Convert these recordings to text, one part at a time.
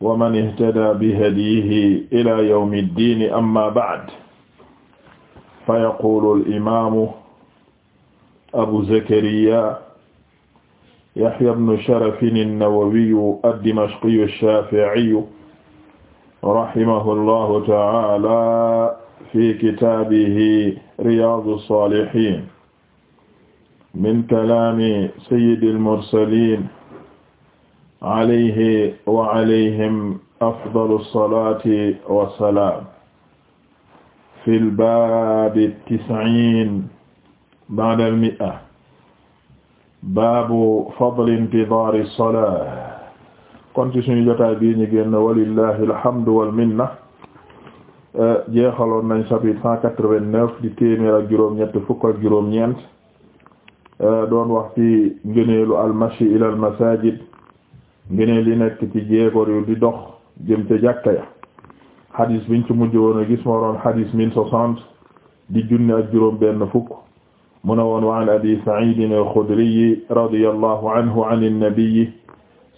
wa man ihtada bihadiihi ilaa yawmi ddiini amma ba'd fa yaquulu al-imaamu abu zakariyaa yahyaa ibnu sharafin an-nawawiyyu ad-dimashqiyyu ash-shaafi'iyyu rahimahu llaahu ta'aalaa fi kitaabihi riyaadu s-saalihiin min kalaami sayyidi al-mursaliin alayhi wa alayhim afdalu salaati wa salaam fil baabi tis'iin ba'dal mi'a baabu fadli intidaari salaah kon ci suñu jotaay bii ñu génn walillahi alhamdu wal minna jeexaloon nañ chapitre cent quatre-vingt-neuf di téeméer ak juróom-ñett fukk ak juróom-ñeent doon wax ci ngëneelu al-mashi ila al-masaajid ngene li nekk ci jéegoor yu di dox jëm ca jàkka ya xadis biñ ci mujj woon a gis moo doon xadis mille soixante di junne ak juróom benn fukk mu ne woon wa an abi saidin alxudriyi radiyallahu anhu an annabiyi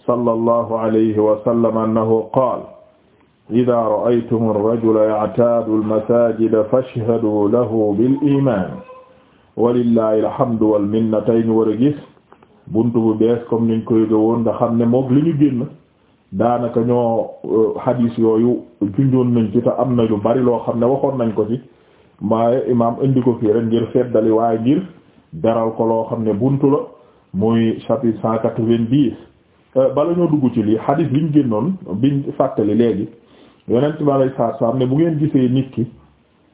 sallallahu alayhi wa sallam annahu qaal idaa ra'aytum arrajula ya'taadu almasaajida fashhaduu lahu bil iimaan walillahi alhamdu wal minna tey ñu war a gis buntu bu bees comme niñ ko yëge woon nga xam ne mook li ñu génn daanaka ñoo hadis euh, yooyu junjoon nañ ci te am na lu bari loo xam ne waxoon nañ ko ci maaye imaam indi ko fii rek ngir feddali waaye ngir beral ko loo xam ne buntu la muy chapitre cent quatre-vingt-dix euh, bala ñoo dugg ci lii hadis bi génnoon biñ fàttali léegi yonent bi alayhi salaatu salaam ne bu ngeen gisee nit ki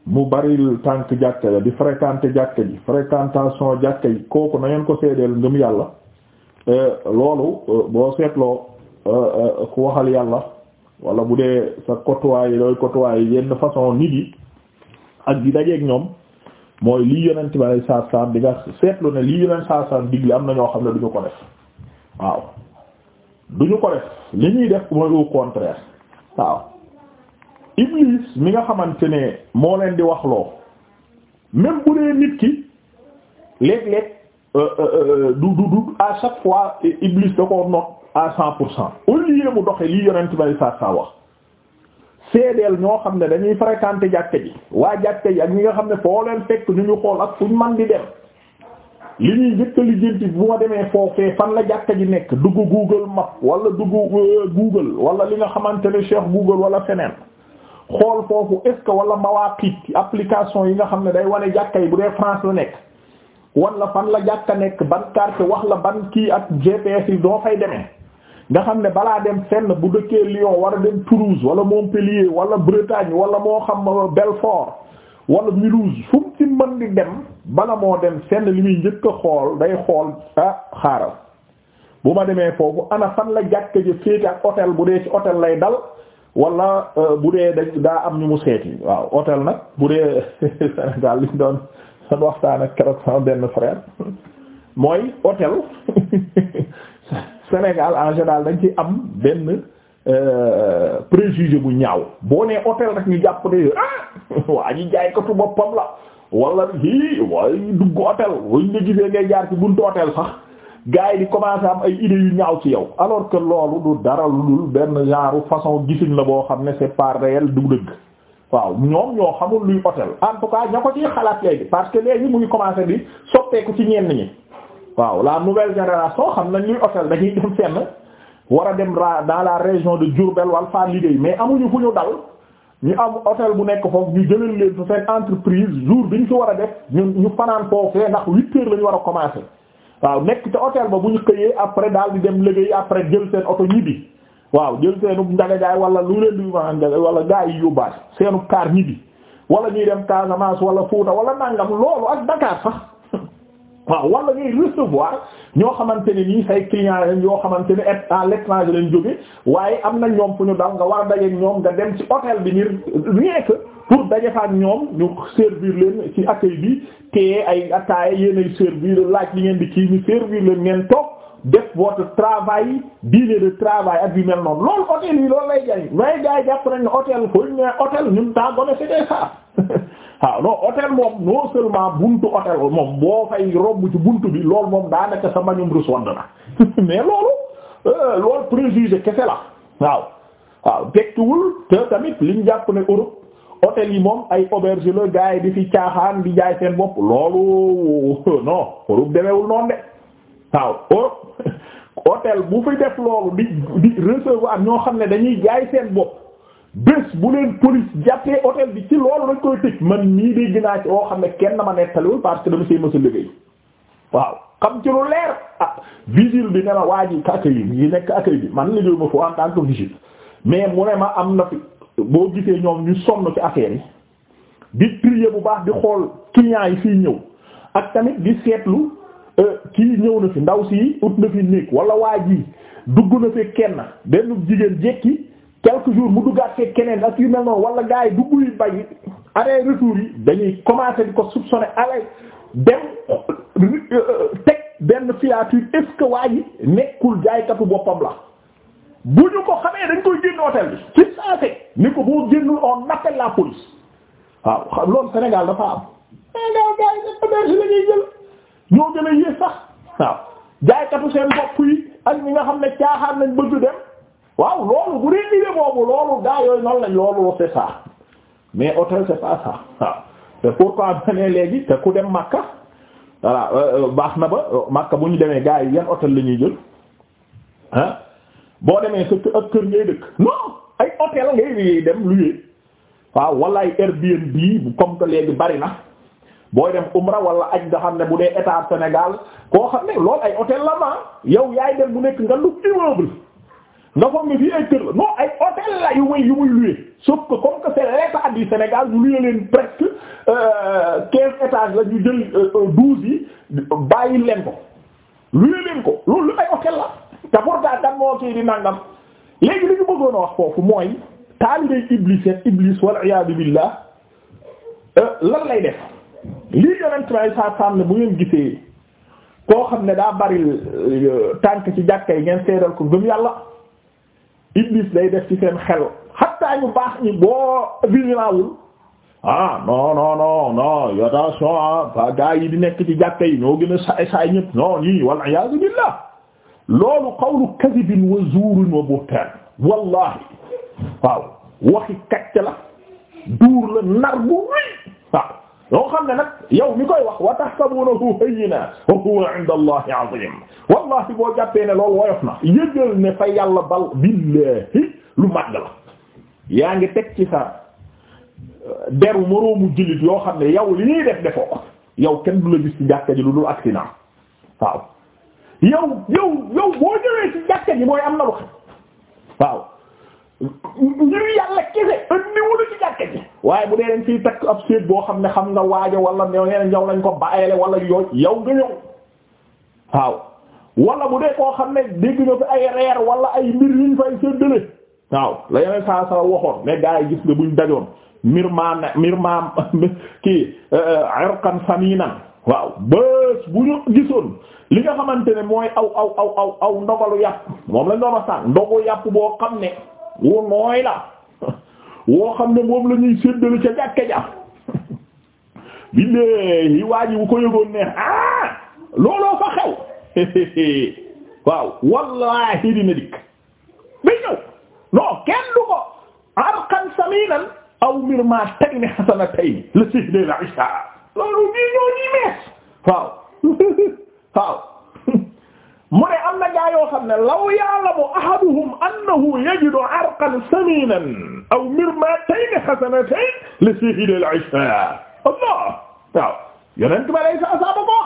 mu bari tànk jàkka la di fréquenter jàkka ji fréquentation jàkka yi kooku na ngeen ko seedeel ngëm yàlla Euh, loolu euh, boo seetloo euh, ku waxal yàlla wala bu dee sa côtoyer looy côtoyer yenn façon nit yi ak di dajeeg ñoom mooy lii yonent bi alay saat saam nga seetlu ne lii yonent saat saam digle am na ñoo xam ne du ko def waaw du ko def li ñuy def mooy au contraire waaw Iblis mi nga xamante ne moo leen di wax loo même bu dee nit ki léeg-léeg Euh, euh, euh, du du du à chaque fois Iblis da koo noot à cent pour cent au lieu mu doxe lii yonent bari saa saa wax seedeel ñoo xam ne dañuy fréquenter jàkke ji waa jàkke ji ak ñi nga xam ne foo leen fekk ñu xool ak fuñ man di dem li ñuy njëkk a demee foofee fan la jàkka ji nekk dugg Google Map wala dugg Google wala li nga xamante ne Cheikh Google wala feneen xool foofu est-ce que wala application yi nga xam ne day wane jàkka yi bu dee France la nekk walla fan la jàkka nekk ban carte wax la ban kii ak GPS yi doo fay deme nga xam ne balaa dem fenn bu dëkkee Lyon war a dem Toulouse wala Montpellier wala Bretagne wala moo xam Belfort wala Mulhouse fu mu ci mën di dem bala moo dem senn li muy njëkk a xool day xool ah xaaral bu ma demee foofu ana fan la jàkka ji féete ak hôtel bu dee ci hôtel lay dal walla euh, bu dee da daa am ñu mu seeti waaw hôtel nag bu dee Sénégal liñ doon san waxtaan ak keroog sama benn frère mooy hôtel Sénégal en général dañ ci am benn euh, préjugé bu ñaaw boo nee hôtel rek ñu jàpp ne ah waa ji jaaykatu boppam la wala hi waaye dugg hôtel wañ nga gisee ngay jaar ci buntu hôtel sax gars yi di commencé am ay idées yu ñaaw ci yow alors que loolu du dara lu dul benn genre façon gisuñ la boo xam ne c'est pas réel du dëgg waaw ñoom ñoo xamul luy hôtel en tout cas ña ko ciy xalaat léegi parce que léegi mu ngi commencé di soppeeku ci ñenn ñi waaw la nouvelle génération xam nañ luy hôtel dañuy dem fenn war a dem dans la région de Diourbel wala fa liggéey mais amuñu fu ñu dal ñu am hôtel bu nekk foofu ñu jëlal leen su seen entreprise jour bi ñu fi war a def ñun ñu fanaan foofee ndax huit lañu war a commencé waaw nekk ca hôtel ba bu ñu xëyee après daal di dem liggéey après jël seen oto ñibbi waaw jël seenub njagajaay wala lu leen di ma wala gaa yi yóbbaat seenub kaar ñibbi wala ñuy dem Casamance wala Fuuta wala nangam loolu ak Dakar sax waaw wala ngay recevoir ñoo xamante ne nii say clients leen yoo xamante ne et à l'étranger leen jóge waaye am na ñoom fu ñu dal nga war dajeek ñoom nga dem ci hôtel bi ngir rien que pour daje fa ak ñoom ñu servir leen ci accueil bi te ay ataaya yéen ay servir laaj li ngeen di kii ñu servir ngeen toog. def votre travail durée de travail ak yu mel noonu loolu hôtel yi loolu lay jariñ waaye gars yi jàpp nañ ne hôtel fooy ñëwee hôtel ñun temps gone c'était ça waaw non hôtel moom non seulement buntu hôtel moom boo fay romb ci buntu bi loolu moom daanaka sa mañum rus wand na mais loolu euh, loolu préjugé kese la waaw waaw tekkiwul te tamit liñ jàpp ne Europe hôtel yi moom ay auberge la gars yi di fi caaxaan di jaay seen bopp loolu non Europe demewul noonu de waaw Europe hôtel bu fi def loolu di di recevoir ñoo xam ne dañuy jaay seen bopp bés bu leen police jàppee hôtel bi ci loolu lañ koy tëj man nii dégg naa ci oo xam ne kenn ma nettaliwul parce que dama see mës a liggéey waaw xam ci lu leer ah vigile bi ne ma waa ji accueil yi nekk accueil bi man liggéey ma foofu en tant que mais mu ne ma am na fi boo gisee ñoom ñu sonn ci affaire yi di trier bu baax di xool clients yi fiy ñëw ak tamit di seetlu. Euh, kii ñëw na fi ndaw si ut na fi néeg wala waa ji dugg na fi kenn benn jigéen jekki quelques jour mu duggaat fee keneen ak yu mel noonu wala gars yi dugg yu bañ arrêt retour yi dañuy commencer di ko soupçonner alay dem euh, teg benn filature est-ce que waa ji nekkul jaaykatu boppam la bu ñu ko xamee dañ koy génn hôtel bi ci saa ni ko boo génnul on appelle la police waaw loolu Sénégal dafa am. Sénégal ah, gars yi dafa bëri si la jël. ñoo gën a yées sax waaw jaaykatu seen bopp yi ak ñi nga xam ne caaxaan nañ bëgg dem waaw loolu bu dee idée boobu loolu gaa noonu lañ loolu c'est ça mais hôtel c'est pas waaw te pourquoi ma ne léegi te ku dem Makka euh, baax na ba euh, Makka bu ñu demee gaa yi yan hôtel la ñuy jël ah boo demee sa ak kër ngay dëkk non ay hôtel ngay dem luy waaw wala ay Airbnb comme que léegi bari na. booy dem umra wala aj nga xam ne bu dee état Sénégal koo xam ne loolu ay hôtel la ma yow yaay dem mu nekk nga lu immeuble nga foog ni fii ay kër la non ay hôtel la yu ñu loué leen presque euh, quinze euh, leen ko loué ko loolu ay hôtel la te pourtant dan léegi li a wax foofu mooy taaliday iblis et iblis wal iyaadu billah euh, lan lay def lii yonent bi saa saam ne bu ngeen gisee koo xam ne daa bari euh, tànk ci jàkka yi ngeen seedal ko gëm yàlla iblis day def ci seen xel xatta ñu baax ñi boo vigilawul ah non non non non attention ah gaa yi di nekk ci jàkka yi ñoo gën a saay saay ñëpp non ñii wal iyaazu billah loolu qawlu kadibin wa zuurin wa buhtaan wallahi waaw waxi kacc la duur la nar bu rëy yoo xam ne nag yow mi koy wax wa tahsabunahu hayyina wa huwa inda allahi azim wallahi boo jàppee ne loolu woyof na yëgal ne fa yàlla bal billahi lu màgg yaa ngi teg ci sa euh, deru moroomu jullit yoo xam ne yow li ñuy def defoo yow kenn du la gis ci ji lu dul accident waaw yow yow yow boo ñëwee ci jàkka ji mooy am na lu xew waaw ngir yàlla kese andiwul ci jàkka waaye bu dee dañ fiy takk ab séet boo xam ne xam nga waajo wala new neen yow lañ ko ba bàyyele wala yooy yow nga yow waaw bu dee koo xam ne dégg fi ay reer wala ay mbir yuñ fay séddale waaw la yeneen saa saa waxoon mais gaa yi gis nga buñ dajoon mir maam mir maam ki eh, eh, irqan saminan waaw bés bu ñu gisoon li nga xamante ne mooy aw aw aw aw ndogalu yàpp moom lañ doon a sànq ndogu yàpp boo xam ne wu nooy la woo am ne moom la ñuy séddale ca jàkke ja bindee waa ji ko yëgoon ne ah looloo fa xew waaw wallaahi dina dikk day ñëw kenn du ko arqan saminan aw mirmatayni hasanatayni la sihdil isha loolu ñii ñoo ñii mees waaw waaw mu ne am na gaa yoo xam ne law ya'lamu ahaduhum annahu yajidu arqan saminan aw mirmatayn hasanatayn li sihil al-isha allah waaw yonent ba lay sa asaba ko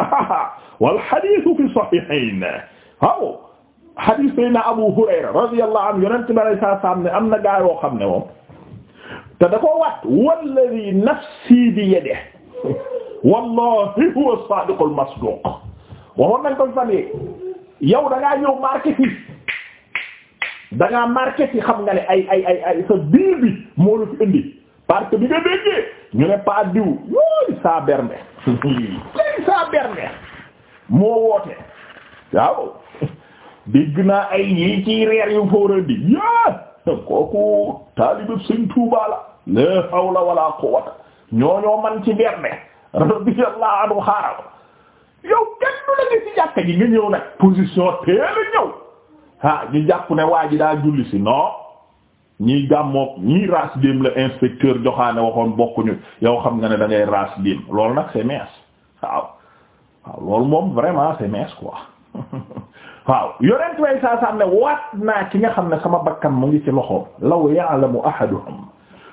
wal hadith fi sahihayn waaw hadith sayna abu hurayra radiyallahu anhu yonent ba lay sa asaba ne am na gaa yoo xam ne moom te da koo wat walladhi nafsi bi yadihi wallahi huwa as-sadiq al-masduq waxoon nañ ko fan yii yow da ngaa ñëw marqué ci da ngaa xam nga ne ay ay ay ay sa biir bi moo la fi indi parce que bi nga déggee ñu ne pas diw saa bernde tey saa bernde moo woote waaw dégg naa ay yi ci reer yu fóorandi yaa kooku taalibab sëñ Tuubaa la la hawla quwwata ñooñoo man ci bernde radiyallahu anhu xaaral yow kenn du la gis ci jàkka ji nga ñëw nag position teel ñëw ah ñu jàpp ne waa ji daa julli si non ñiy gàmmook ñiy raas dem la inspecteur joxaane waxoon bokkuñu yow xam nga ne da ras raas dem loolu nag c'est mince waaw waaw loolu moom vraiment c'est mince quoi waaw yonent way saa saa ne waat naa ki nga xam ne sama bakkan mu ngi ci loxoom law ya'lamu ahaduhum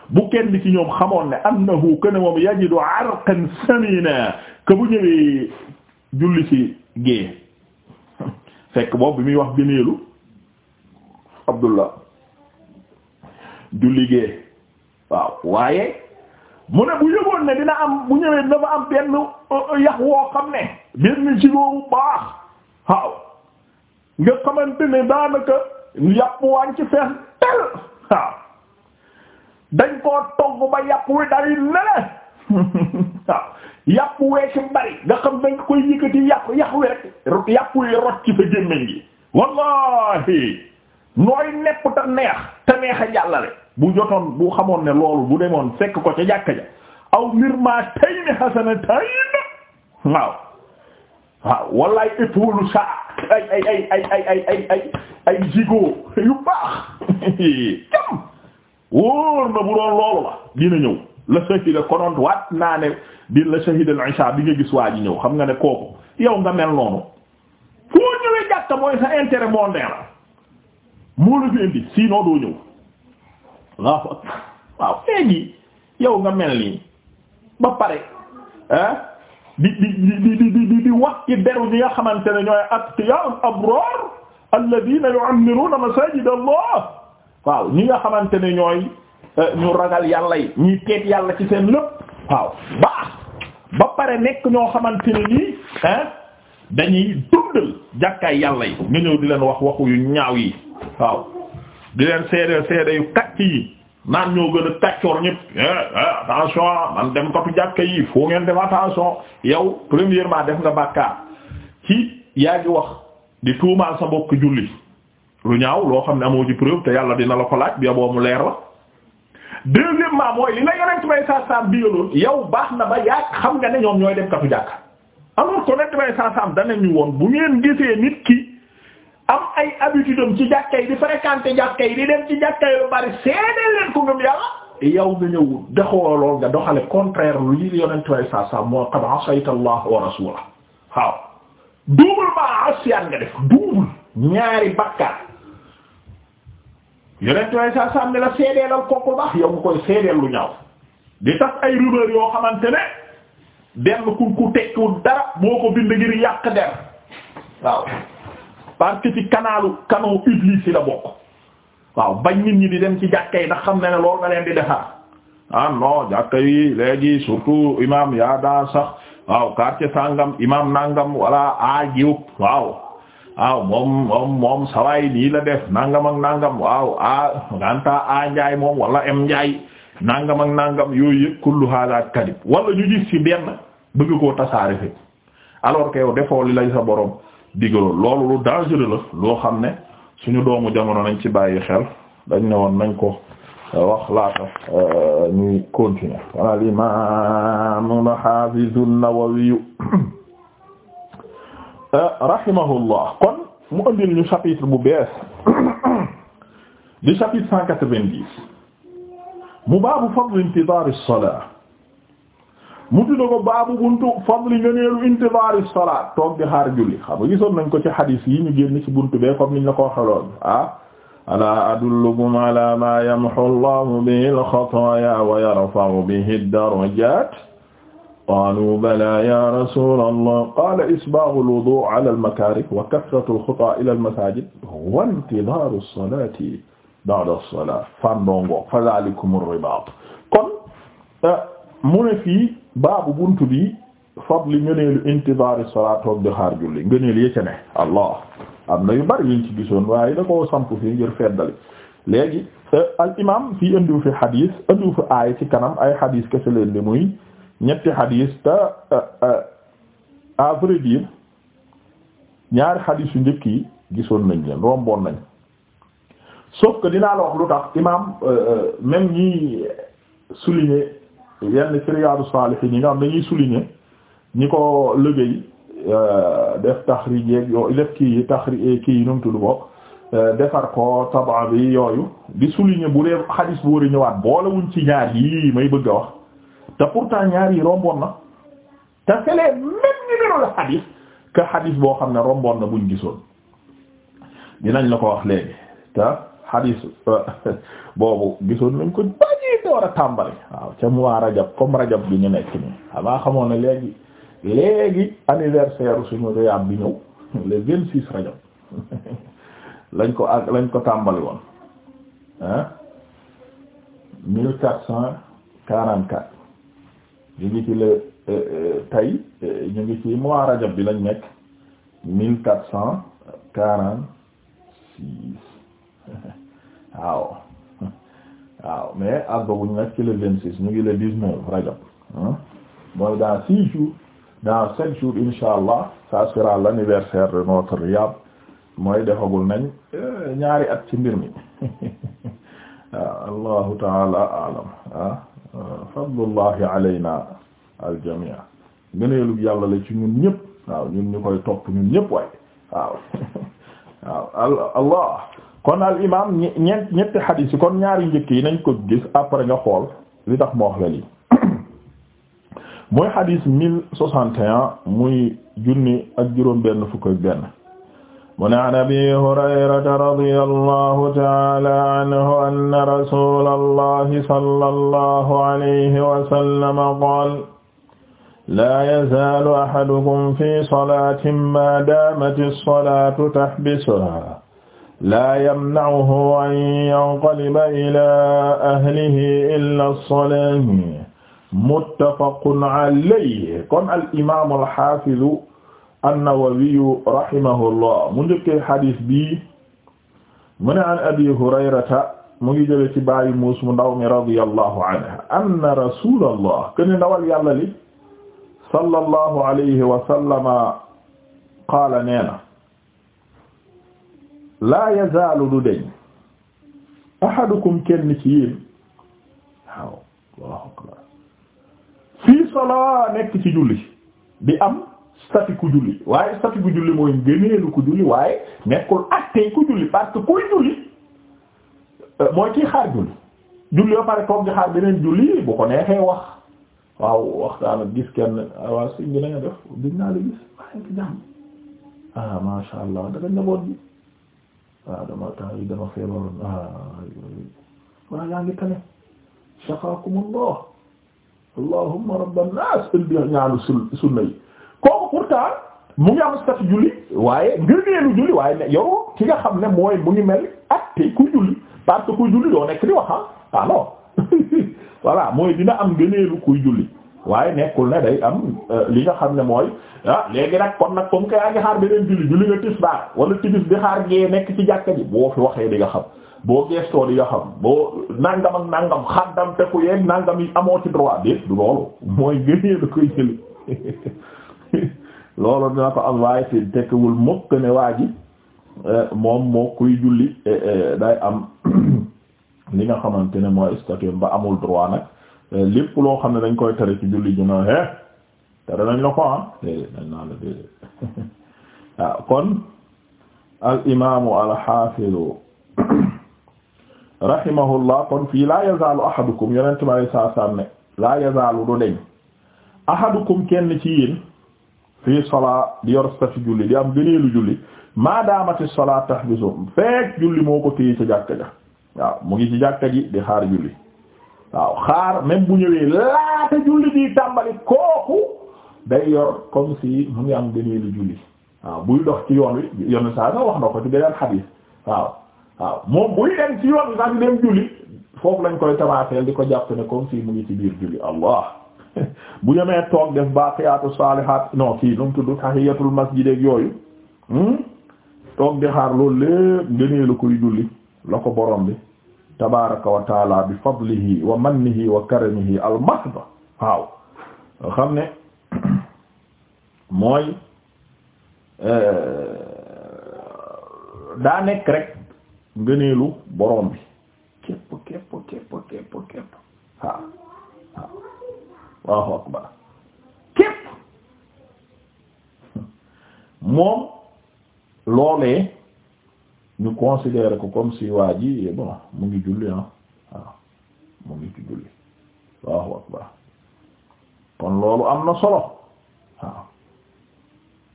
bu kenn ci ñoom xamoon ne annahu kana moom yajidu arqan samina ke bu ñëwee julli ci gée fekk boobu bi muy wax gëneelu abdullah julli gée waaw waaye mu ne bu yëgoon ne dina am bu ñëwee dina fa am benn euh, yax woo xam ne benn kilo bu baax waaw nga xamante ne daanaka yàpp waañ ci tel waaw dañ koo togg ba yàpp wi dari nele waaw yàpp weesu bari nga xam dañ koy yëkkati yàq yàq wi rek yàpp yi rot ci fa gémmiñ gi wallahi nooy nepp te neex te neex a jàllale bu jotoon bu xamoon ne loolu bu demoon fekk ko ca jàkka ja aw mirma tay ni xasana tay na waaw waaw wala ay épaule sa ay ay ay ay ay ay ay ay ay jigo yu baax jam na bu doon loolu la dina ñëw la shahida konoon waat naa ne di la shahida al isha bi nga gis waa ñëw xam nga ne kooku yow nga mel noonu foo ñëwee jàkka mooy sa intérêt mondain la moo la fi indi sinon doo ñëw Allahu akbar waaw yow nga mel nii ba pare ah di di di di di di wax ci deru ñi nga xamante ne ñooy atqiyaul abrar alladhina yu'ammiruna masajid Allah waaw ñi nga xamante ne ñooy Euh, ñu ragal yàlla yi ñuy teet yàlla ci seen lépp waaw baax ba pare nekk ñoo xamante ne ni ah dañuy dundal jàkkaay yàlla yi nga ñëw di leen wax waxu yu ñaaw yi waaw di leen seede seede yu kàcc yi naan ñoo gën a tàccoor ñëpp eh, eh, attention man dem katu jàkka yi foo ngeen def attention yow premièrement def nga bàkkaar ci yaa ngi wax di tuumaal sa bokk julli lu ñaaw loo xam ne amoo ci preuve te yàlla dina la ko laaj bi mu leer la deuxièmement mooy li la yonent bay saa saam digaloon yow baax na ba yaa xam nga ne ñoom ñooy dem katu jàkka alors que yonent bay saa saam danañu woon bu ngeen gisee nit ki am ay habitude ci jàkka yi di fréquenter jàkka yi di dem ci jàkka yi lu bari seedeel leen ko ngëm yàlla yow nga ñëw doxoo lool nga doxale contraire lu li yonent bay saa saam moo qad asayta Allah wa rasulahu waaw duubul ba asiyaan nga def duubul ñaari bakkaar yeneen waaye saa saa ne la seedeelal kooku baax yow nga koy seedeel lu ñaaw di tax ay rumeur yoo xamante ne benn ku ku tekkiwul dara boo ko bind ngir yàq der waaw parce que ci kanaalu kanoo iblis yi la bokk waaw bañ nit ñi di dem ci jàkka yi ndax xam na ne loolu nga leen di defar ah non jàkka yi surtout imam yaa daa sax waaw quartier sangam imam nangam wala a jiw waaw waaw moom moom moom sawaay lii la def nàngam ak nangam waaw a ganta a njaay moom wala m njaay nangam ak nangam yooyu yëpp kullu hada kadib wala ñu gis ci benn bëgg koo tasaare fi alors que defoo li lay sa borom digalool loolu lu dangereux la loo xam ne suñu doomu jamono nañ ci bàyyi xel dañ ne woon nañ ko euh, wax laata euh, ñuy continuer wala al imam al hafiz an-Nawawi rahimahullah kon mu andil ñu chapitre bu bees di chapitre cent quatre-vingt-dix mu baabu fadl intidaar as-salaa mu tudde ko baabu buntu fadli ngëneelu intidaar as-salaa toog di xaar julli xam nga gisoon nañ ko ci xadiis yi ñu génn ci buntu bee comme niñ la ko waxaloon ah alaa adullukum alaa maa yamhu Allahu bihi al-xataayaa wa yarfa'u bihi ad-darajaat qaalu balaa ya rasula allah qaala isbaagu alwudu ala almakaarih wa kasratu alxutaa ila almasajid wa intidaaru alsolati ba'da alsolaa fandongo fa dhalikum alribaat kon eh, mu ne fii baabu buntu bi fadli ngëneelu intidaari salaat toog di xaar julli ngëneel yi ca ne allah am na yu bari yuñ ci gisoon waaye da koo samp fii ngir feddali léegi eh, al imam fii andiw fi xadiis andiw fi aaya ci kanam ay xadiis kese leen li muy ñetti xadis te euh, euh, à vrai ñaari xadis yu njëkk yi gisoon nañ leen romboon nañ sauf que dinaa la wax lu tax imaam euh, même ñi souligner yenn ci Riyadou Salihine yi nga xam dañuy souligner ñi ko liggéey def taxrij yeeg yooyu def kii taxrij eh, kii yi nu mu tudd bopp defar ko tabaa bi yooyu di souligner bu dee xadis bu war a ñëwaat boolewuñ ci ñaar yii may bëgg wax. te pourtant ñaar yi romboon na te c'est les mêmes la xadis que xadis boo xam ne romboon na buñ gisoon dinañ la ko wax léegi te xadis euh, boobu gisoon lañ ko bañi door a tàmbali waaw ca mois rajab comme rajab bi ñu nekk nii xamaa xamoon ne léegi léegi anniversaire suñu riyab bi ñëw le vingt six rajab lañ ko ak lañ ko tàmbali woon ah quatre cent quarante quatre ñu ngi ci le euh, euh, tay euh, ñu ngi ci mois rajab bi lañ nekk mille quatre cent quarante six waaw waaw mais àggaguñ nag ci le vingt ñu ngi le dix-neuf rajab mooy dans six jours dans sept jours insha allah ça sera l'anniversaire notre Riyad mooy defagul nañ ñaari at ci mbir mi waaw allahu taala alam ah fadlullahi alayna aljamia ngëneelu yàlla la ci ñun ñëpp waaw ñun ñu koy topp ñun ñëpp waaye waaw waaw allah kon al imam ñeent ñetti xadiis yi kon ñaari njëkk yi nañ ko gis après nga xool li tax ma wax la mooy xadiis mille soixante et muy junni ak juróom benn fukk ak benn mu ne an abi hurayrata radiyallahu ta'ala anhu anna rasulallahi sallallahu alayhi wa sallam qaala laa yazaalu ahadukum fi salaatin maa daamati as-salaatu tahbisuhaa laa yamna'uhu an yanqaliba ilaa ahlihi illaa as-salaam muttafaqun alayhi kon al-imaam al-haafiz annawawiyu rahimahullah mu njëkkee xadis bii mu ne an abi hurayrata mu ngi jële ci bàyyi muus mu ndaw mi radiyallahu anhu anna rasulallah kene ndawal yàlla li sallallahu alayhi wa sallama qaala nee na laa yazaalu du deñ ahadukum kenn ci yéen waaw Allahu akbar fii salaa nekk ci julli di am statut ku julli waaye statut ku julli mooy ngëneelu ku julli waaye nekkul attey ku julli parce que kuy euh, mooy kii xaar julli julli ba pare toog di xaar beneen julli bu ko neexee wax waaw wax ak gis kenn waaw si bi na nga def gis naa gis waaye ngi jàmm ah masha allah njaboot bi ah, dama temps yi dama feebaroon ah waaw yaa ngi tane shaqaakumullah allahumma rabban nas indi ñaanu kooku pourtant mu ngi am statut julli waaye ngërneelu julli waaye yow ki nga xam ne mooy mu ngi mel ak tey ku julli parce que kuy julli doo nekk di wax ah, ah non voilà mooy dina am ngëneelu kuy julli waaye nekkul ne day am euh, li nga xam ne mooy ah léegi nag kon nag comme que yaa ngi xaar beneen julli julli nga tisbaar wala tibis bi xaar gee nekk ci jàkka ji boo fi waxee di nga xam boo gestoo di nga xam boo nangam ak nangam xaddam teku yeeg nangam yi amoo ci loolu dina ko am waaye te tekkiwul mukk ne waa eh, moom moo kuy julli eh, eh, day am li nga xamante ne mooy statut ba amul droit nag loo xam ne dañ koy tere ci julli ju na he tere nañ la ko ah, ah kon al imaamu al xaafidu rahimahullah kon fii laa yazaalu ahadukum yonent ma lay saa saam ne laa yazaalu du deñ ahadukum kenn ci yéen fii sola di yor stafi julli di am gëneelu julli maadaamati sola tahbisu fekk julli moo ko téye ca jàkka ja waaw mu ngi ci jàkka ji di xaar julli waaw xaar même bu ñëwee laata julli di tàmbali kooku day yor comme si mu ngi am gëneelu julli waaw buy dox ci yoon wi yoon saa sax wax na ko ci beneen xadiis waaw waaw moom buy dem ci yoon wi di dem julli foofu lañ koy tabaaseel di ko jàpp ne comme si mu ngi ci biir julli allah bu demee toog def baaqiyaatu saalihaat non kii nu mu tudd tahiyatul masjid ak yooyu hmm? toog di xaar loolu lépp gënee la koy julli la ko borom bi tabaraka wa taala bi fadlihi wa mannihi wa karamihi al mahd waaw xam ne mooy eh, daa nekk rek ngëneelu borom bi Allahu akbar képp moom loolee ñu considérer ko comme si waa ji eh bon mu ngi julli ah waaw mu ngi ci julli Allahu akbar kon loolu am na solo waaw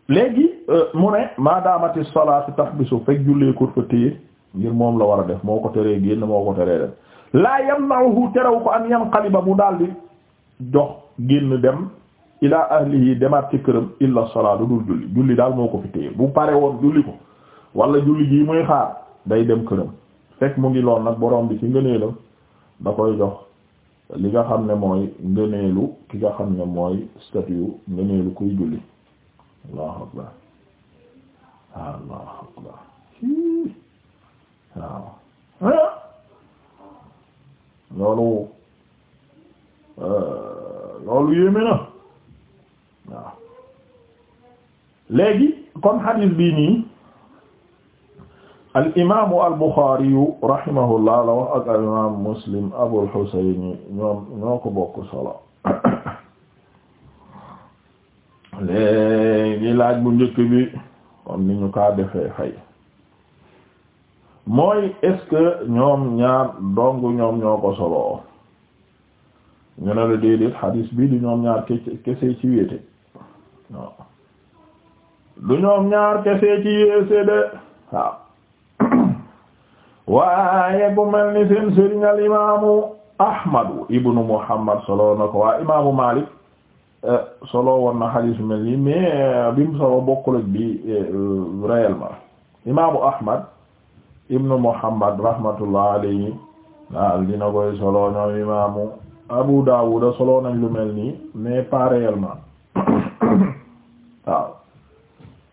léegi euh, mu ne maadaamati salaatu tahbisu fekk jullee ko fa téye ngir moom la war a def moo ko teree génn moo ko teree def laa yamna'uhu teraw ko an yanqaliba mu daldi dox génn dem ilaa ahlihi demaat ci këram illa salaa lu dul julli julli daal moo ko fi téye bu pare woon julli ko wala julli ji muy xaar day dem këram fekk mu ngi lool nag borom bi ci ngëneelam da koy jox li nga xam ne mooy ngëneelu ki nga xam ne mooy statut ngëneelu kuy julli allahu akbar allahu akbar waaw loolu Euh, loolu yéeme na waaw léegi kon xadiis bii nii al imaamu al buxaariyu rahimahullah la wax ak al imaamu muslim abul xuseyn ñoom ñoo ko bokk solo léegi laaj bu njëkk bi kon ni ñu kaa defee fay mooy est ñoom ñaar dong ñoom ñoo ko solo ñu ne la déedéet xadiis bi du ñoom ñaar kese ci wéete du ñoom ñaar kese ci wéete waaye bu mel ni seen sëriñ imaamu ahmadu ibnu muhammad solo na ko waa imaamu malik eh, solo woon xadiis mel nii mais eh, bi solo bokkul bi eh, réellement imaamu ahmad ibnu muhammad rahmatullah alayhi dina koy solo ñoom imaamu Abu Dawud solo nañ lu mel nii mais pas réellement waaw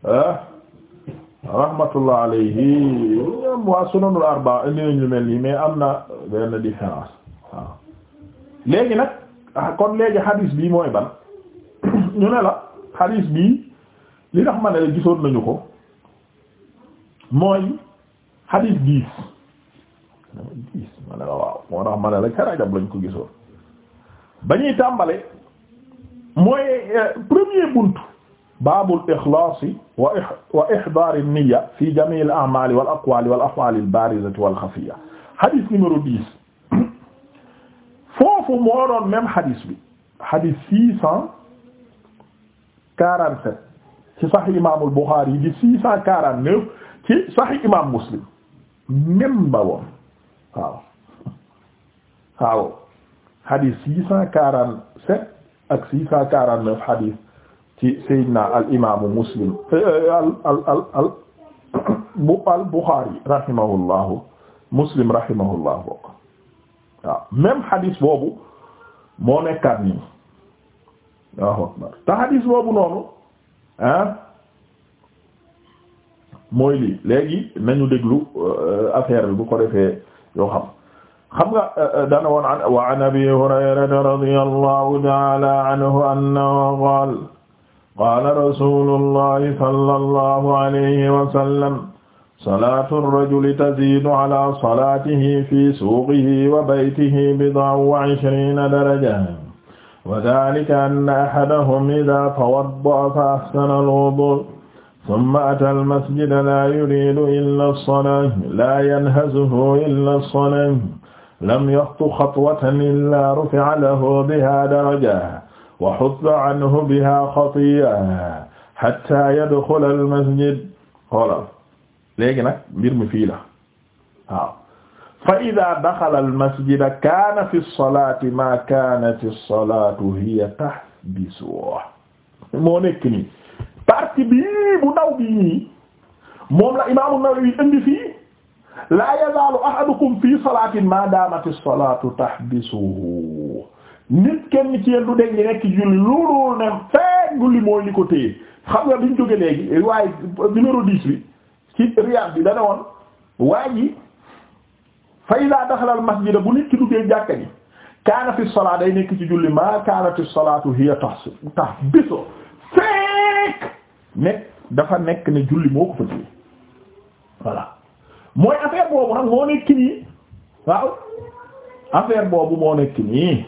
ah rahmatullah alayhi ñoom waa sunanul arba indi nañ lu mel nii mais am na benn différence waaw léegi nag ah, kon léegi hadis bii mooy ban ñu ne la hadis bi li tax ma ne la gisoon nañu ko mooy hadis diis diis ma ne la waaw moo tax ma ne la ca Rajab lañ ko gisoon. ba ñuy tàmbale mooy euh, premier buntu baabul ixlaasi wa wa ihdaar an-niyya fi jamii' al-a'maal wal aqwaal wal af'aal al-baarizati wal xafiyya hadith numéro dix foofu moo doon même hadith bi hadith six cent quarante sept ci Sahih imaamul Buxaari yi di six cent quarante neuf ci Sahih imaam Muslim même ba woon waaw waaw. hadith six cent quarante-sept ak six cent quarante-neuf hadith ci Seydina al imaamu Muslim eh, eh, al al al al bu al Bukhari rahimahullahu Muslim rahimahullahu bokk waaw même hadith boobu moo nekkaat nii waaw akbar te hadith boobu noonu ah mooy lii léegi nañu déglu euh, affaire bi ko defee yoo xam xam nga euh, euh, dana woon wa an abi hurayrata radiyallahu ta'ala anhu annahu qaala qaala rasulullahi sallallahu alayhi wa sallam salaatu rajuli taziidu ala salaatihi fi suuqihi wa baytihi bid'an wa ishriina darajatan wa dhaalika anna ahadahum idhaa tawadda'a fa ahsana al-wuduu' thumma ataa al-masjida laa yuriidu illaa as-salaata laa yanhazuhu illaa as-salaata lam yaxtu xatwatan illaa rufi'a lahu bihaa darajatan wa hutta anhu bihaa xatii'atan hattaa yadxula al-masjid xoolal léegi nag mbir mi fii la waaw fa idaa daxala al-masjida kaana fi s-salaati maa kaanat s-salaatu hiya tahbisuhu moo nekk nii partie bii bu ndaw bii nii moom la Imaam An-Nawawi indi fii laa yazaalu ahadukum fii salaatin maa daamati salaatu tahbisuhu nit kenn ci yéen du dégg nekk julli loolu ne fekk julli mooy li ko téye xam nga biñ jóge léegi waaye numéro 10 bi ci Riyad bi da ne woon waa ji fa idaa daxala masjida bu nit ki duggee jàkka ji kaana fi salaat day nekk ci julli maa kaanati salaatu hiya tahbisu fekk nekk dafa nekk ne julli moo ko fa téye voilà. mooy affaire boobu nag moo nekk nii waaw affaire boobu moo nekk nii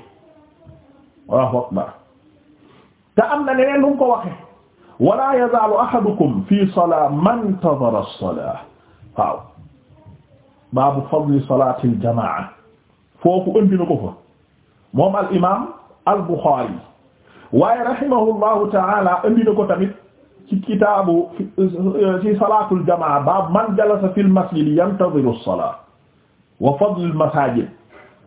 waaw akbar te am na leneen lu mu ko waxe wala yazaalu ahadukum fi salaa man tadara as-salaa waaw baabu fadli salaatil jamaa foofu andi na ko fa moom al imaam al Buxaari waaye rahimahullahu ta'ala andi na ko tamit ci kitaabu ci salaatul jamaa baab man jalasa fil masjid yantaziru as-salaat wa fadlul masaajid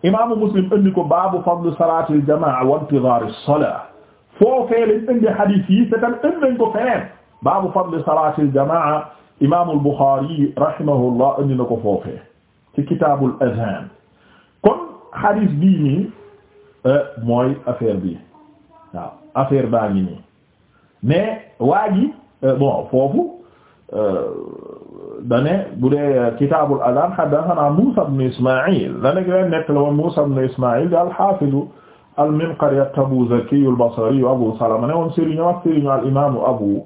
imaamu muslim indi ko baabu fadl salaatil jamaa wa intizaari as-salaat foofee lañ indi hadith yi te tam indi nañ ko feneen baabu fadl salaatil jamaa imaamul buxaari rahimahullah indi na ko foofee ci kitaabul azaan kon hadith bii nii eh, mooy affaire bi waaw affaire baa ngi nii. mais waa ji euh, bon foofu euh, dane bu dee kitaabul haddathana Muusaa ibn Ismaa'il dane ki leen nekk la woon Muusaa ibn Ismaa'il daal al-Minqari at-Tabuzaki al-Basri Abu Salama ne woon sëriñ ak sëriñ al-imaamu Abu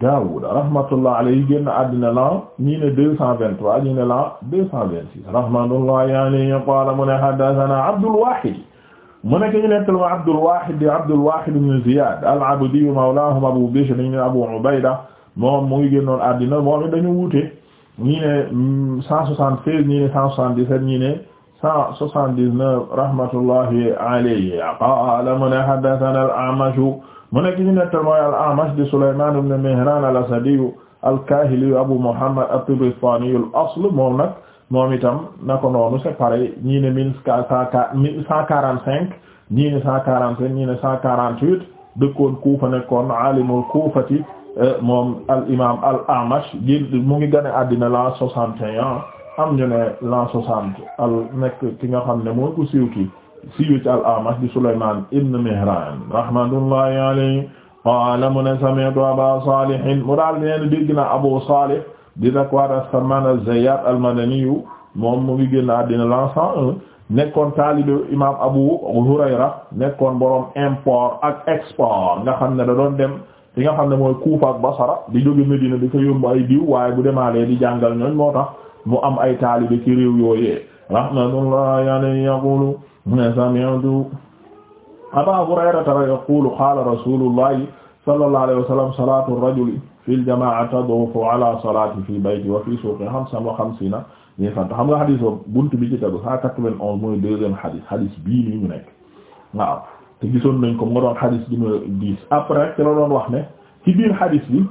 Daawud rahmatullah alayhi génn àddina lan ñii ne deux vingt-trois ñii ne vingt-six rahmatullah yaani qaala mu haddathana Abdul mu nekk ñu nettal ma Abdul Wahid di Abdul Wahid ibn Ziyad al-Abdi mawlahum Abu Bishr ñu ne Abu Ubayda moom mu ngi génnoon àddina moom it dañu wuute ñii ne cent soixante-seize ñii ne cent soixante-dix-sept ñii ne cent soixante-dix-neuf rahmatullahi alayhi qaala mu ne haddathana al-A'mash mu nekk ñu nettal mooy al-A'mash di Sulayman ibn Mihran al-Asadi al-Kahili Abu Muhammad at-Tabastani al-asl moom nag moom itam na ko noonu c'est pareil ñii ne mille cent quarante cinq ñii ne cent quarante cinq ñii ne huit dëkkoon Kuufa nekkoon alimul Kuufati euh, moom al imam al Amash mu ngi gane àddina la soixante et un ah, am ñu ne l'an soixante al nekk ki nga xam ne mooy ku siiw ki siiw ci al Amash di Sulaymaan ibn Mihraan rahmatullahi alayhi qaala ne sami'tu Abaa Saalih mu daal neen dégg Abu Saalih di Zakwaan as-Sammaan az-Zayyaat al moom mu ngi génn àddina l'an nekkoon taalibe imaam Abu Hurayra nekkoon borom import ak export nga xam ne da doon dem nga xam ne mooy Kuufa ak Basra di jóge Medina di ko yóbbu ay diw waaye bu demaalee di jàngal ñooñ moo tax mu am ay taalibe ci réew yooyee rahmatullahi alayhi yaqulu sami'tu Aba Hurayrata yaqulu qala rasulullahi sallallahu alayhi wa rajuli fi ljamaa taduufu ala salati fi bayti wa fi suuqi xamsan wa xamsiina mi'fan xam nga xadis boobu bunt bi ci tegu cent quatre-vingt-onze mooy deuxième xadis xadis bii nii ñu nekk waaw te gisoon nañ ko mu nga doon xadis numéro dix après ci la doon wax ne ci biir xadis bi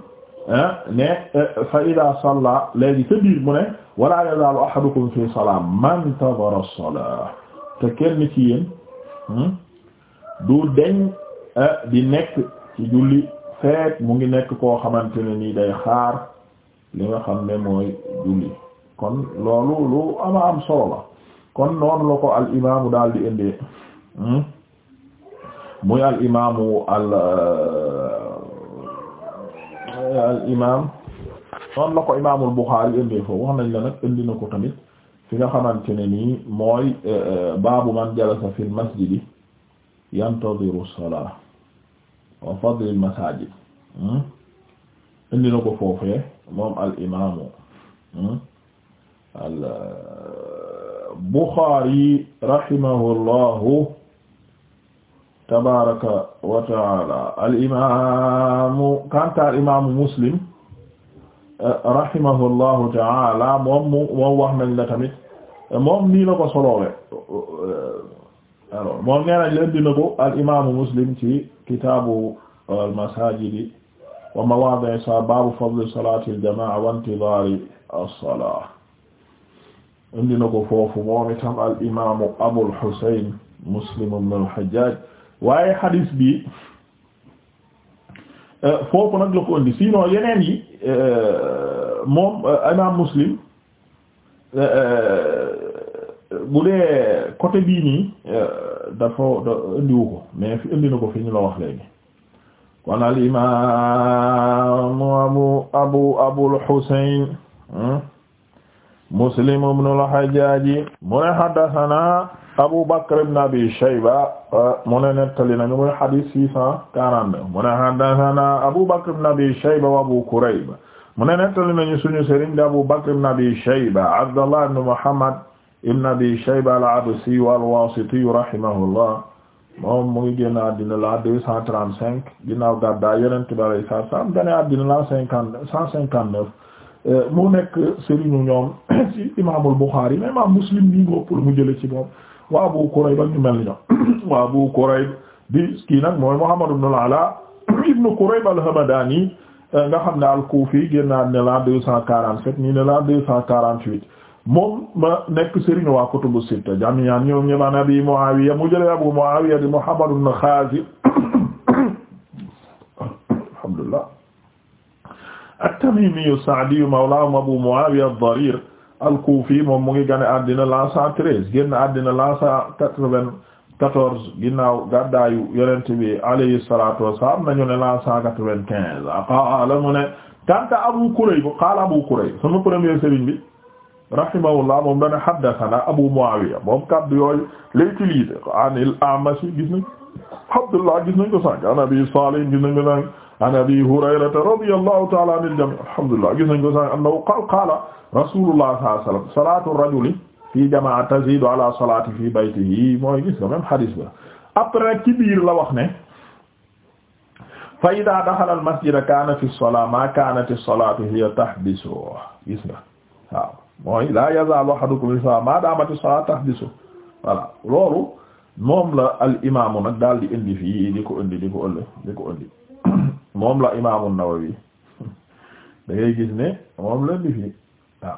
ah, ne eh, fa ida salla léegi ca biir mu ne wala yazaalu ahadukum fi salaa man tadara salaa te kenn ci yéen hmm, du deñ eh, di nekk ci julli feek mu ngi nekk koo xamante ne nii day xaar li nga xam ne mooy julli kon loolu lu ama am solo la kon noonu la ko al imaamu daal di indee hmm? muy al imaamu al euh, al imaam noonu la imaamul Buxaari indee foofu wax nañ la nag indi ko tamit fi nga xamante ne nii mooy euh, euh, baabu man jalasa fil masjidi yantadiru salaa wa fadlil masajid hmm? indi na ko foofee moom al imaamu hmm? al uh, Bukhari rahimahullahu tabaraka wa taala al imaamu kanta al imaamu Muslim uh, rahimahullahu taala moom mu moom wax nañ la tamit moom nii la ko soloowe uh, alors moom nee nañ la indi na ko al imaamu Muslim ci kitaabu uh, al-masaajidi wa mawaadi'ihaa baabu fadli salaati al-jamaa'a wa intizaari as-salaah indi na ko foofu moom itam al-imaamu Abul Husayn Muslim ibn al-Hajjaaj waaye hadis bi uh, foofu nag la ko indi sinon yeneen yi uh, moom imaam Muslim bu dee côté bii nii. dafa indiwu ko mais indi na ko la wax léegi kon al imam abu abu abul husayn hmm? muslim ibn al hajjaj mu ne abu bakr ibn abi shayba mu ne nettali nañu muy hadith six cent quarante abu bakr ibn abi shayba wa abu kurayb mu nettali nañu suñu sëriñ de abu bakr ibn abi shayba abdullah ibn muhammad ibn Abi Shayba al-Absi al-Wasiti rahimahullah moom mu ngi génn àddina la deux cent trente cinq ginnaaw gàddaay Yonent bi alayhi salaam gane àddina la cinquante cent cinquante neuf euh, mu nekk sëriñu ñoom ci imaamul Buxaari mais Muslim bi mu ëpp mu jële ci moom wa Abu Kurayb ba ñu mel ni ñoom waa Abu Kurayb bi kii nag mooy Muhammad ibn al-Ala ibn Kurayb al-Hamadani euh, nga xam ne al-Kufi génn àddina la deux cent quarante sept nii ne la deux cent quarante huit moom ma nekk sëriñ waa kutubu sitta jami'an ñoom ñoom an abi Muawiya mu jële abu Muawiya di Muhammad ibn Khazim alhamdulillah at-Tamimi as-Sa'di mawlahum abu Muawiya ad-Darir al-Kufi moom mu ngi gane àddina l'an cent treize génn àddina l'an cent quatre-vingt-quatorze ginnaaw gàddaayu yonent bi alayhi salatu wassalam nañu ne l'an cent quatre-vingt-quinze qaala mu ne kanta Abu Kurayb qaala Abu Kurayb sama premier sëriñ bi rahimahullah moom dana haddathana Abu Muawiya moom kaddu yooyu lay utilisé an al-A'mash gis nañ Abdullah gis nañ ko sànq an Abi Salih gis nañ ko sànq an Abi Hurayrata radiyallahu ta'ala anil jami' alhamdulillah gis nañ ko sànq annahu qala qala rasulullah sallallahu alayhi wasallam salatu ar-rajuli fi jama'a tazidu ala salati fi baytihi mooy gis nga même hadith ba après ci biir la wax ne fa ida daxala al-masjida kanat as-salatu ma kanat as-salatu hiya tahbisu gis nga waaw mooy la yazaalu ahadukum bi salaat ma daamati salaat tahdisu voilà loolu moom la al imaamu nag daal di indi fii di ko indi di ko ëllë moom la imaamu Nawawi da gis ne moom la indi fii waaw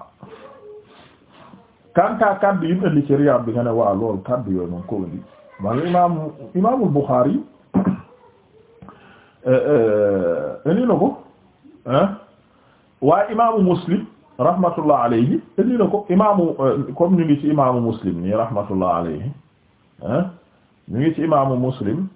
kanta kaddu yi mu indi ci bi nga ne waaw loolu kaddu yooyu moom ko indi wala imaam imaamul Buxaari eh, eh, indi na ko ah waaye imaamu Muslim rahmatullah alayhi indi na ko imaamu comme ñu ngi ci imaamu muslim nii rahmatullah alayhi ah, ñu ngi ci imaamu muslim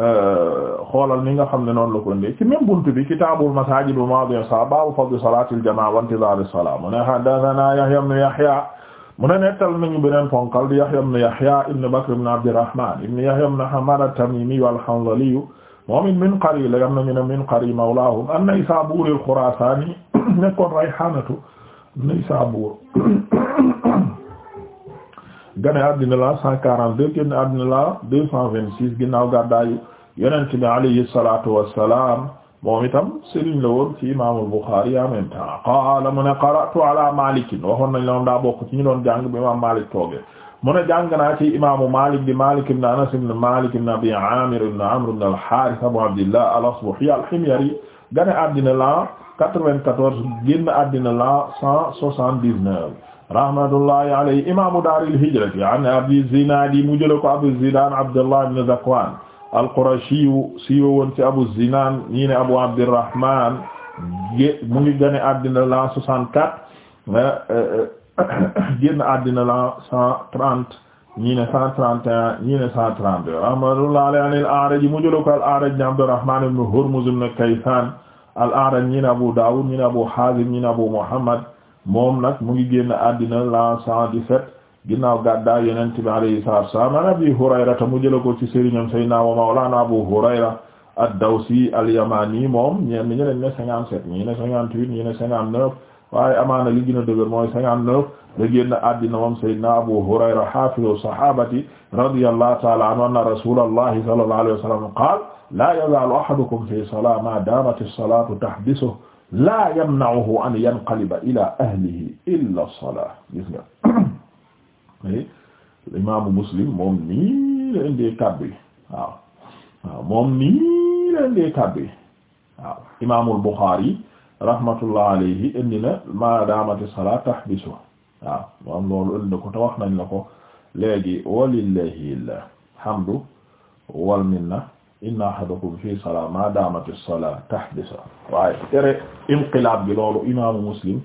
ah, xoolal ni nga xam ne noonu la ko indee ci même buntu bi kitaabul masaajid wa maadi sa baabu fadli salaatil jamaa wa intizaari salaa mu ne haddathanaa Yahya ibn Yahya mu ne nettal nañu beneen ponkal di Yahya ibn Yahya ibn Bakr ibn Abdirrahmaan ibn Yahya ibn Hammaad at-Tamiimi al-Hanzali moom it minqari la am nañu ne minqari mawlaahum an-Naysaabuuri al-Khuraasaani nekkoon Rayhaanatu Naysaabuur gane àddina la cent quarante-deux génn àddina la deux cent vingt-six ginnaaw gàddaayu Yonent bi alayhi salaatu wassalaam moom itam sëriñ la woon ci imaamul Buxaari en même temps qaala mu ne qara'tu ala Maalik waxoon nañ la moom daa bokk ci ñu doon jàng bi imaam Maalik tooge mu ne jàng naa ci imaamu Maalik di Maalik ibn Anas ibn Maalik ibn Abi Aamir ibn Amr ibn al-Haaris Abu Abdillah al-Asbahi al-Himyari gane àddina la quatre-vingt-quatorze génn àddina la cent soixante-dix-neuf rahmatullahi alayhi imamu daaril hijrati an abi zinadi mu jële ko abu zidan abdullah ibn zakwan al-qurashiyu siiwa woon ci abu zinan ñi ne abu abdurrahman mu ngi gane àddina la soixante-quatre euh, génn àddina la cent trente ñi ne cent trente et un ñi ne cent trente-deux rahmatullahi alayhi al-a'raj mu jële ko al-a'raj abdurrahman ibn hurmuz ibn kaysan al-A'raj ñi ne Abu Dawud ñi Abu Hazim ñi Abu Muhammad moom nag mu ngi génn àddina la 117 ginnaaw gàddaa yonent bi alayhi salaatu wassalaam an Abi Hurayrata mu jëla ko ci sëriñam Seydina wa Mawlana Abu Hurayra ad-Dawsi al moom ñenn li a dëgër mooy 59 la génn àddina moom Seydina Abu Hurayra haafizu sahaabati radiyallahu ta'ala anhu anna Rasulallahi sallallahu alayhi wa sallam laa yazaalu ahadukum fi salaa maa daamati salaatu tahbisuhu laa yamna'uhu an yanqaliba ilaa ahlihi illaa salaa gis nga imaamu Muslim moom nii la indee kàddu yi waaw waaw moom nii la indee kàddu yi waaw imaamul Buxaari rahmatullah alayhi indi na maa daamati salaatu tahbisuhu waaw moom loolu indi na ko te wax nañ la ko léegi walillaahil hamdu wal minna inna ahadakum fi salaa ma daamati salaa tahdisa waaye tere inqilaab bi loolu imaamu muslim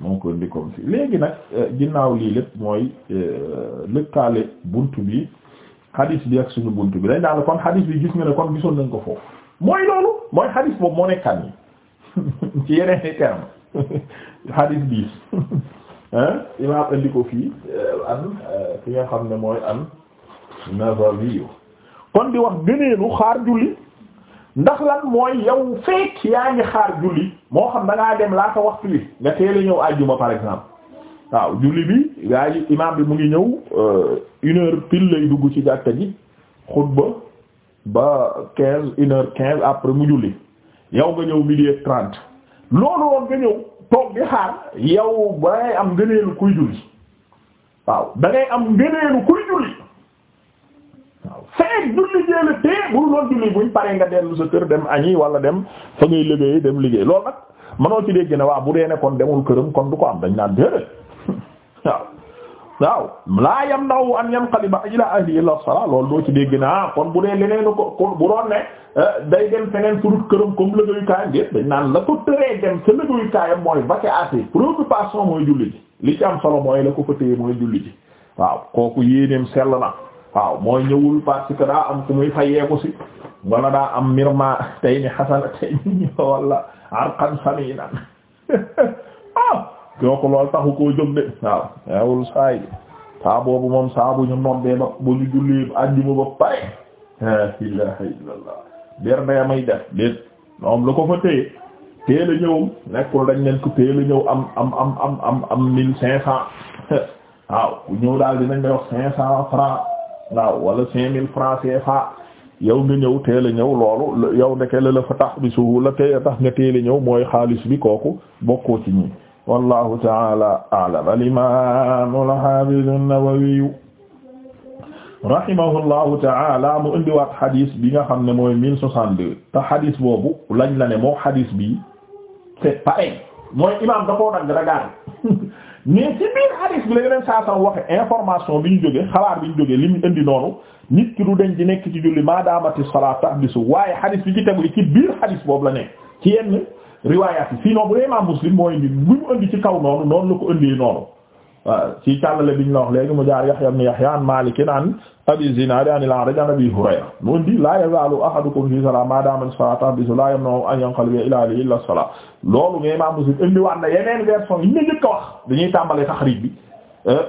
moo ko indi comme fi léegi nag eh, ginnaaw lii lépp mooy eh, lëkkaale bunt bi hadith bi ak suñu bunt bi dañ daal kon hadith bi gis nga ne kon gisoon nañ ko foofu mooy loolu mooy hadith moo nekkaan ci yeneen i terme hadith bi imaam indi ko fii eh, an fi nga ne mooy an Nawawi kon di wax gëneelu xaar julli ndax lan mooy yow fekk yaa ngi xaar julli moo xam da dem laa ko wax wi nga teel a ñëw àjjuma par exemple waaw julli bi yaa ngi bi mu ngi ñëw euh, une heure pile lay dugg ci jàkka ji xutba ba quinze une heure quinze après mu julli yow nga ñëw midi et trente loolu woon nga ñëw toog di xaar yow ba ngay am gëneelu kuy julli waaw da ngay am gëneelu kuy julli. feeg julli jee la tee bul loon julli buñ paree nga dellu sa kër dem añi wala dem fa ngay liggéey dem liggéey loolu nag mënoo ci dégg ne waa bu dee ne kon demul këram kon du ko am dañ naan déedéet waaw waaw laa yam ndaw an yanqaliba ila ahli illa sala loolu doo ci dégg ne ah kon bu dee leneen ko ko bu doon ne eh, day dem feneen furut këram comme liggéeyukaayam déet dañ naan la ko tëree dem sa liggéeyukaayam mooy mooy julli ji li ci am solo mooy ko fa téye waaw kooku yéeneem sell na waaw mooy ñëwul parce que daa am ku muy fayeeku si wala daa am mirma tay ni xasana tay ni ñëw wala arqan saminan ah moom saa bu ñu noddee ko fa téye dañ leen ko téye la ñëw am am ku ñëw daal dinañ lay wax cinq cent francs waaw wala cinq mille francs yow nga ñëw teel a ñëw loolu yow ndeke la la fa tax bi suhu la kay tax nga teel a ñëw mooy xaalis bi kooku bokkoo ci ñi wallahu taala a'lam al-imam al-hafiz an-Nawawi rahimahullahu taala mu indiwaat xadis bi nga xam ne mooy mille soixante-deux te xadis boobu lañ la ne moo xadis bi mooy imam da koo dagg mais ci biir hadith bi la yeneen saa saa waxe information bi ñu jógee xabaar bi ñu jógee li mu indi noonu nit ki du denc di nekk ci julli maadaamati salaat tahbisu waaye hadith bi ci tegu li ci biir hadith boobu la nekk ci yenn riwaayaat yi sinon bu dee imaam muslim mooy indi bu ñu indi ci kaw noonu noonu la ko indi noonu. waaw ci tàllale bi ñu la wax léegi mu jaar Yahya ibn Yahya an Malik an abi zinaad an a araj an Abi Hurayra mu indi laa yazaalu ahadukum fi salaa maa daama salaatu habisu laa yamna'u an yanqaliba ilaa ahlihi illa salaa loolu mais Imaam Muslim indiwaat na a bi eh,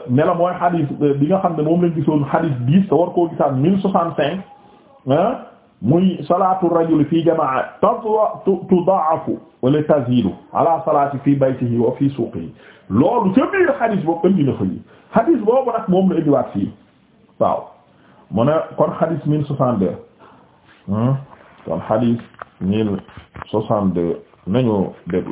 ne la xadis eh, bi nga xam ne moom lañ gisoon xadis dix te war koo gisaat mille soixante cinq eh, muy salaatu rajuli fii jamaa tudaafu wala taziidu ala salaati fii baytihi wa fii suuqihi loolu ca biir xadis boobu indi na fa yi xadis boobu mu ne kon xadis mille soixante deux hmm? kon xadis mille soixante deux nañu déglu